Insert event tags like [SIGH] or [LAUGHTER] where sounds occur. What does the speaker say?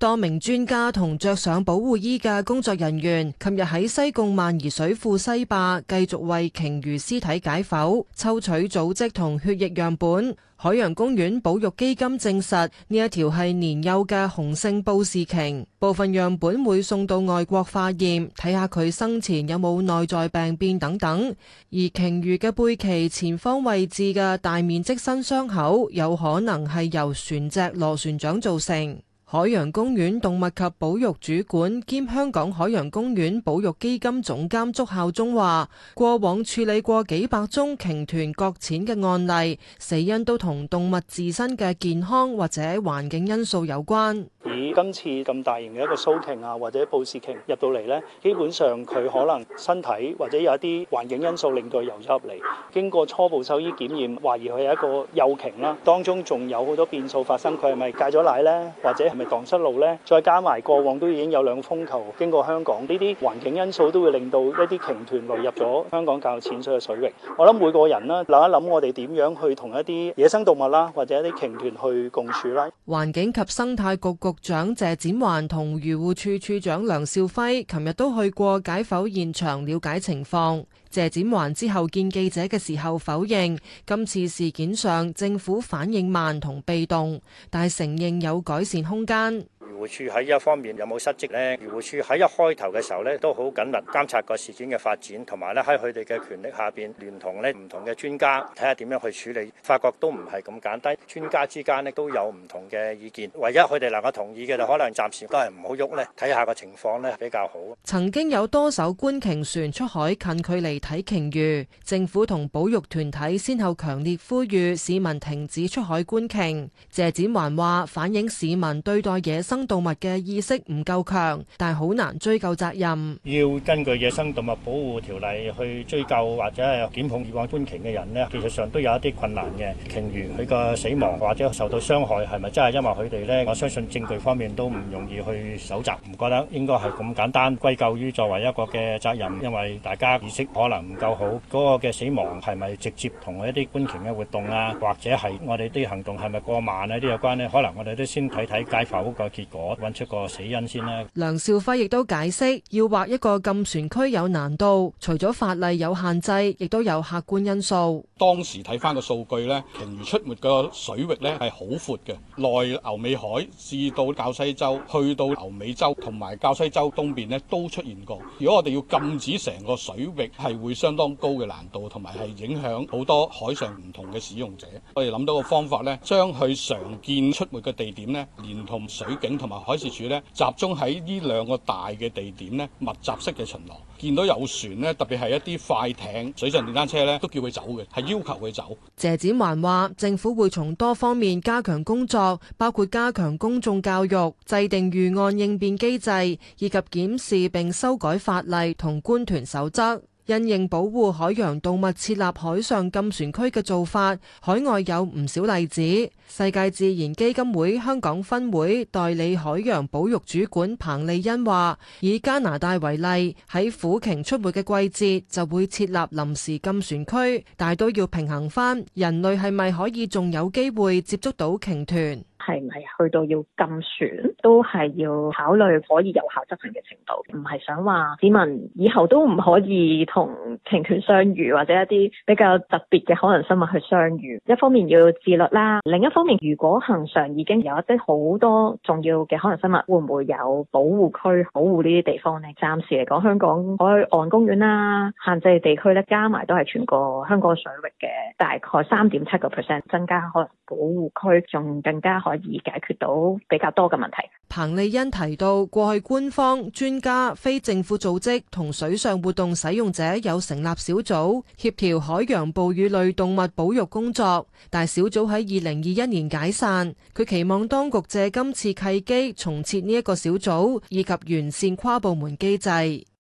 多名專家同着上保護衣嘅工作人員，琴日喺西貢萬宜水庫西壩繼續為鯨魚屍體解剖，抽取組織同血液樣本。海洋公園保育基金證實呢一條係年幼嘅雄性布氏鯨。部分樣本會送到外國化驗，睇下佢生前有冇內在病變等等。而鯨魚嘅背鰭前方位置嘅大面積新傷口，有可能係由船隻螺旋槳造成。海洋公園動物及保育主管兼香港海洋公園保育基金總監祝孝忠話，過往處理過幾百宗鯨豚擱淺嘅案例，死因都同動物自身嘅健康或者環境因素有關。今次咁大型嘅一個蘇鯨啊，或者布氏鯨入到嚟咧，基本上佢可能身體或者有一啲環境因素令到佢游咗入嚟。經過初步獸醫檢驗，懷疑佢係一個幼鯨啦。當中仲有好多變數發生，佢係咪戒咗奶咧，或者係咪蕩失路咧？再加埋過往都已經有兩個風球經過香港，呢啲環境因素都會令到一啲鯨豚流入咗香港較淺水嘅水域。我諗每個人啦，諗一諗我哋點樣去同一啲野生動物啦，或者一啲鯨豚去共處啦。環境及生態局局長長謝展寰同漁護處處長梁肇輝，琴日都去過解剖現場了解情況。謝展寰之後見記者嘅時候否認今次事件上政府反應慢同被動，但係承認有改善空間。 [MUSIC] [MUSIC] [MUSIC] 漁護署喺一方面有冇失職咧？漁護署喺一開頭嘅時候咧，都好緊密監察個事件嘅發展，同埋咧喺佢哋嘅權力下邊聯同咧唔同嘅專家睇下點樣去處理，發覺都唔係咁簡單，專家之間咧都有唔同嘅意見，唯一佢哋能夠同意嘅就可能暫時都係唔好喐咧，睇下個情況咧比較好。曾經有多艘觀鯨船出海近距離睇鯨魚，政府同保育團體先後強烈呼籲市民停止出海觀鯨。謝展寰話反映市民對待野生動物嘅意識唔夠強，但係好難追究責任。要根據野生動物保護條例去追究或者係檢控以往觀鯨嘅人呢，技術上都有一啲困難嘅。鯨魚佢個死亡或者受到傷害係咪真係因為佢哋呢？我相信證據方面都唔容易去搜集，唔覺得應該係咁簡單歸咎於作為一個嘅責任，因為大家意識可能唔夠好。嗰、那個嘅死亡係咪直接同一啲觀鯨嘅活動啊，或者係我哋啲行動係咪過慢呢？呢啲有關呢可能我哋都先睇睇解剖嘅結果。我揾出個死因先啦。梁少輝亦都解釋，要劃一個禁船區有難度，除咗法例有限制，亦都有客觀因素。當時睇翻個數據呢，鯨魚出沒嘅水域呢係好闊嘅，內牛尾海至到滘西洲，去到牛尾洲同埋滘西洲東邊呢都出現過。如果我哋要禁止成個水域，係會相當高嘅難度，同埋係影響好多海上唔同嘅使用者。我哋諗到個方法呢，將佢常見出沒嘅地點呢，連同水景同。海事處咧，集中喺呢兩個大嘅地點咧，密集式嘅巡邏，見到有船咧，特別係一啲快艇、水上電單車咧，都叫佢走嘅，係要求佢走。謝展寰話：政府會從多方面加強工作，包括加強公眾教育、制定預案應變機制，以及檢視並修改法例同官團守則。因應保護海洋動物設立海上禁船區嘅做法，海外有唔少例子。世界自然基金會香港分會代理海洋保育主管彭麗欣話，以加拿大為例，喺虎鯨出沒嘅季節就會設立臨時禁船區，但都要平衡翻人類係咪可以仲有機會接觸到鯨豚。係唔係去到要禁船，都係要考慮可以有效執行嘅程度，唔係想話市民以後都唔可以同平船相遇，或者一啲比較特別嘅海洋生物去相遇。一方面要自律啦，另一方面如果恒常已經有一啲好多重要嘅海洋生物，會唔會有保護區保護呢啲地方咧？暫時嚟講，香港海岸公園啦，限制地區咧加埋都係全個香港水域嘅大概三點七個 percent 增加海洋保護區，仲更加可。以解決到比較多嘅問題。彭利欣提到，過去官方、專家、非政府組織同水上活動使用者有成立小組協調海洋哺乳類動物保育工作，但小組喺二零二一年解散。佢期望當局借今次契機重設呢一個小組，以及完善跨部門機制。